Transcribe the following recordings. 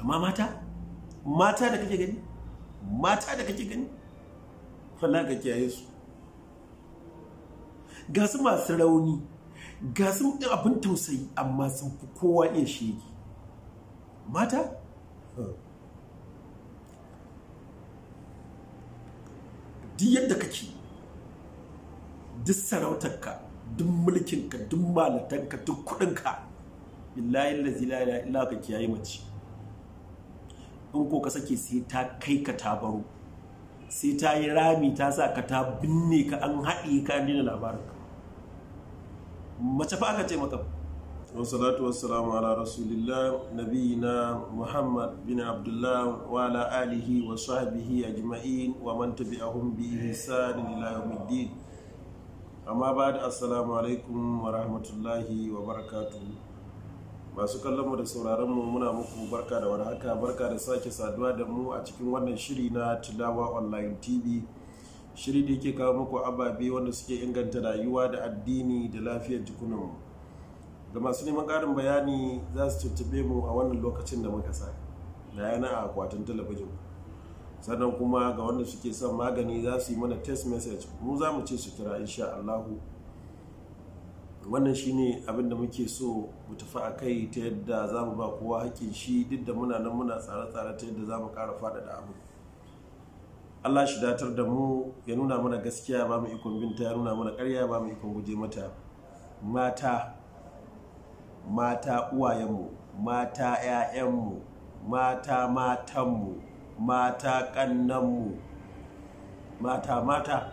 amma mata mata da kake gani mata da kake gani wallahi ka kiyaye su ga su masu rauni ga su abin tausayi amma sun fi kowa iya shege mata duk yadda kake duk sarautarka duk mulkinka duk malatanka duk kudinka billahi lazi la ilaha illa ka kiyaye mace in ko ka sake sai ta kai ka tabaro sai ta yi rami ta sa ka ta binne ka an haɗe ka an dina labarin ka mace fa aka ce maka wa salamu ala rasulillah nabiyina muhammad bin abdullah wa ala alihi wa sahbihi ajma'in wa man tabi'ahum bi ihsan ila yawmiddin amma ba da assalamu alaikum wa rahmatullahi wa barakatuh masu kallon mu da sauraron mu muna muku barka da warhaka barka da sake saduwa da mu a cikin wannan shiri na tilawa online tv shiri da yake kawo muku ababe wanda suke inganta rayuwa da addini da lafiyar jikunan ga masu neman ƙarin bayani za su tuntube mu a wannan lokacin da muka sa da yana a akwatin talabijin sannan kuma ga wanda suke son magani za su yi mana test message mu za mu ce su kira insha Allahu wannan shine abin da muke so mu tafi a kai ta yadda za mu ba kowa haƙƙin shi duk da muna nan muna tsare-tsare ta yadda za mu ƙara faɗaɗa abu Allah shi datar da mu ya nuna mana gaskiya ba mu ikon binta ya nuna mana ƙarya ba mu ikon guje mata mata mata uwayenmu mata ƴaƴanmu mata matanmu mata ƙannanmu mata mata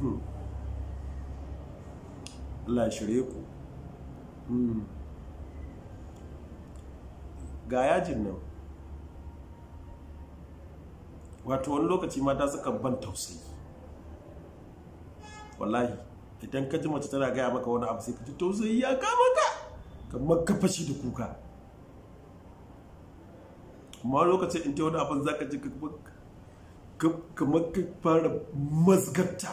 hmm. Allah shirye ku hmm. ga yajin nan wato wani lokaci mata suka ban tausayi wallahi idan ka ji mace tana gaya maka wani abu sai ka ji tausayi ya kama ta kamar ka fashi da kuka amma lokacin in ta wani abin za ka ji kamar ka fara mazgarta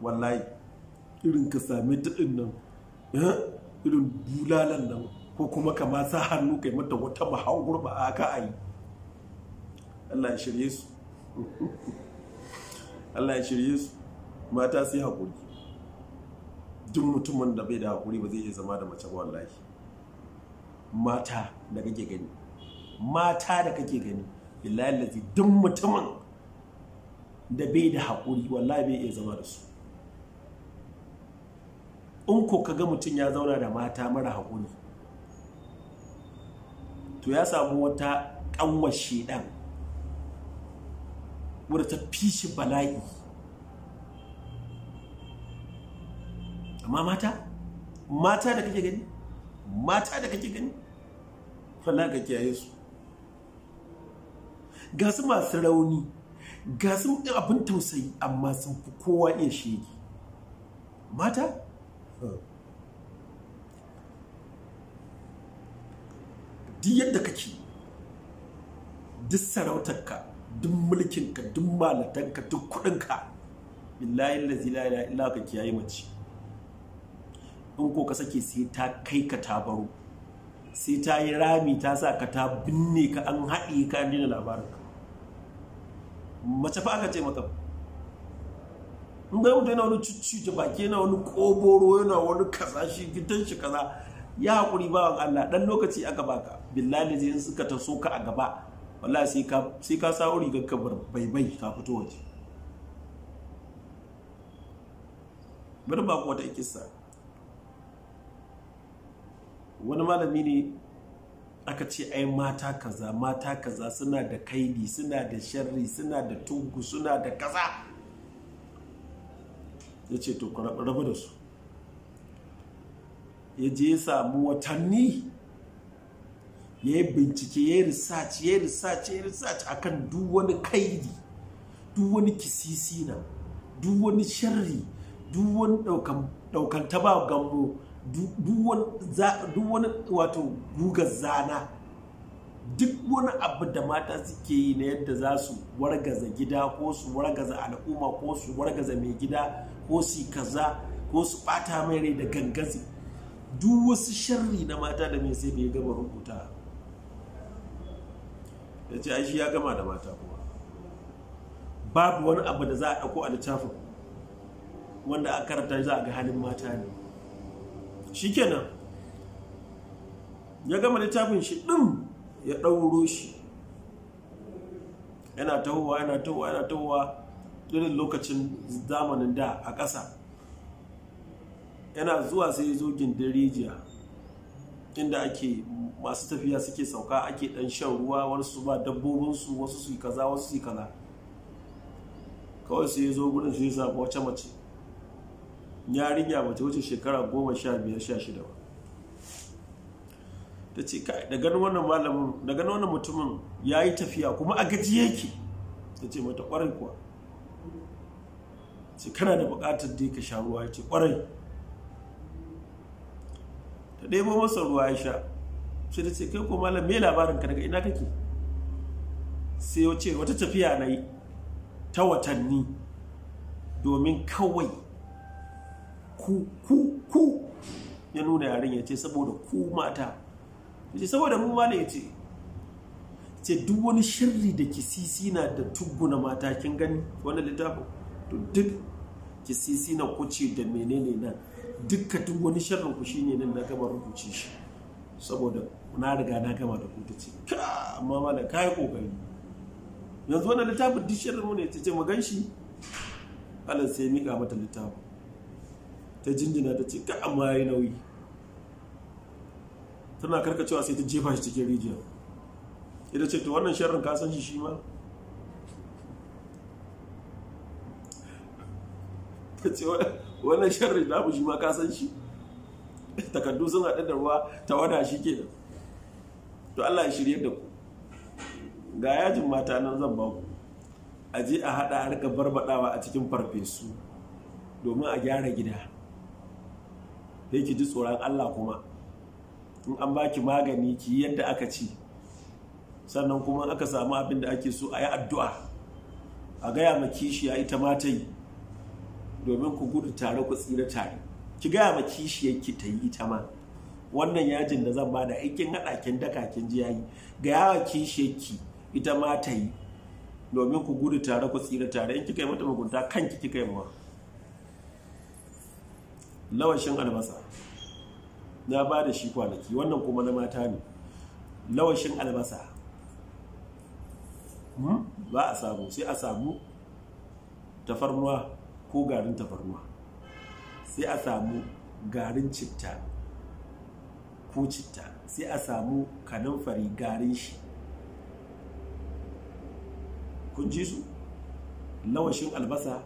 wallahi irin ka same ta nan eh, irin bulalan nan ko kuma ka masa sa hannu kai mata wata mahaugur ba a ka ayi Allah ya shirye su Allah ya shirye su mata sai haƙuri duk mutumin da bai da haƙuri ba zai iya zama da mace ba wallahi mata da kake gani mata da kake gani billahi lazi duk mutumin da bai da haƙuri wallahi bai iya zama da su in ko kaga mutum ya zauna da mata mara haƙuri to ya samu wata ƙanwar shidan wadda ta fi shi bala'i amma mata mata da kake gani mata da kake gani falla ka kiyaye su ga su masu rauni ga su abin tausayi amma sun fi kowa iya shege mata duk yadda kake duk sarautarka duk mulkinka duk malatanka duk kudinka billahi lazi la ilaha illa ka kiyaye mace in ko ka sake sai ta kai ka ta sai ta yi rami ta sa ka ta binne ka an haɗe ka an dina mace fa aka ce maka in ga yana wani cuccuce baki yana wani koboro yana wani kasa shi gidan shi kaza ya hakuri wa Allah dan lokaci aka baka billahi zai suka taso soka a gaba wallahi sai ka sai ka sa wuri ga kabar baibai ka fito waje bari ba ku wata kissa wani malami ne aka ce ai mata kaza mata kaza suna da kaidi suna da sharri suna da tungu suna da kaza ya ce to rabu da su ya je ya samu watanni ya yi bincike ya yi research ya yi research ya yi research akan kan wani kaidi duwani kisisi na duwani wani sharri duk wani daukan taba gambo duwani wato gugar zana duk wani abu da mata suke yi na yadda za su wargaza gida ko su wargaza al'umma ko su wargaza mai gida ko su kaza ko su bata mai rai da gangazi duk wasu sharri na mata da mai sai da ya rubuta da ce shi ya gama da mata kuma babu wani abu da za a ɗauko a littafin wanda a karanta za a ga halin mata ne shikenan ya gama littafin shi ɗin ya ɗauro shi yana tahowa yana tahowa yana tahowa irin lokacin zamanin da a ƙasa yana zuwa sai ya zo gindin rijiya inda ake masu tafiya suke sauka ake ɗan shan ruwa wasu ba dabbobinsu wasu su yi kaza wasu su yi kaza kawai sai ya zo gudun sai ya samu wace mace yarinya mace wuce shekara goma sha biyar sha shida ba ta ce kai da ganin wannan malamin da ganin wannan mutumin ya yi tafiya kuma a gaji yake ta ce mata kwarai kuwa ce kana da bukatar da ka sha ruwa ya ce kwarai ta ɗebo masa ruwa ya sha sai ta ce kai ko malam me labarin ka daga ina kake sai ya ce wata tafiya na yi ta watanni domin kawai ku ku ku ya nuna yaren ya ce saboda ku mata yace saboda mu ma ne ya ce duk wani shirri da sisi na da tubu na matakin gani wani littafin to duk sisi na kuce da menene nan dukka duk wani shirin ku shine nan na gama rubuce shi saboda na riga na gama da ku tace amma da kayi kokari yanzu wani littafin duk shirin mu ne ce mu shi? Allah sai mika mata littafin ta jinjina ta ce ka amma yayi nauyi tana karkacewa sai ta jefa shi cikin rijiya ita ce to wannan sharrin ka san shi shi ma ta ce wannan sharrin namu shi ma ka san shi takardu sun haɗu da ruwa ta wada shi ke da to Allah ya shirye da ku ga yajin mata nan zan ba ku a je a haɗa harka barbaɗawa a cikin farfesu domin a gyara gida da ki ji tsoron Allah kuma in an baki magani ki yadda aka ci sannan kuma aka samu abin da ake so a yi addu'a a gaya ma kishiya ita ma yi domin ku gudu tare ku tsira tare ki gaya ma kishiyar ki ta yi ita ma wannan yajin da zan ba da aikin haɗakin kin daka kin ji yayi gaya wa kishiyar ki ita ma ta yi domin ku gudu tare ku tsira tare in kika yi mata mugunta kanki kika yi ma lawashin albasa na ba da shi kwanaki wannan kuma na mata ne lawashin albasa hmm? ba a samu sai a samu tafarnuwa ko garin tafarnuwa sai a samu garin citta ko citta sai a samu kanunfari garin shi kun ji su lawashin albasa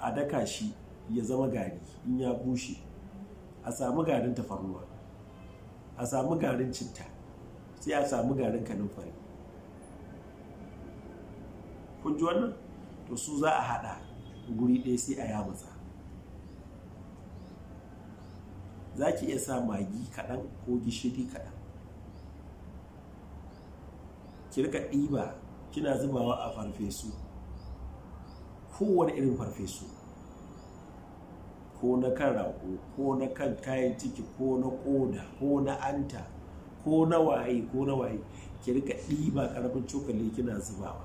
a daka shi ya zama gari in ya bushe a samu garin tafarnuwa a samu garin citta sai a samu garin kanunfari kun ji wannan to su za a hada guri ɗaya sai a yamutsa za ki iya sa magi kaɗan ko gishiri kaɗan ki rika ɗiba kina zubawa a farfesu kowane irin farfesu ko na kan rako ko na kan kayan ciki ko na koda ko na anta ko na waye ko na waye ki rika ɗiba ƙarfin cokali kina zubawa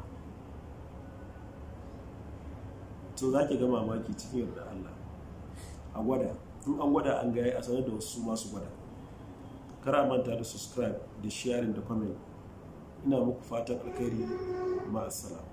to za ki ga mamaki cikin yarda Allah a gwada in an gwada an gaya a sanar da wasu masu gwada kara manta da subscribe da sharing da comment ina muku fatan alkhairi ma'assalam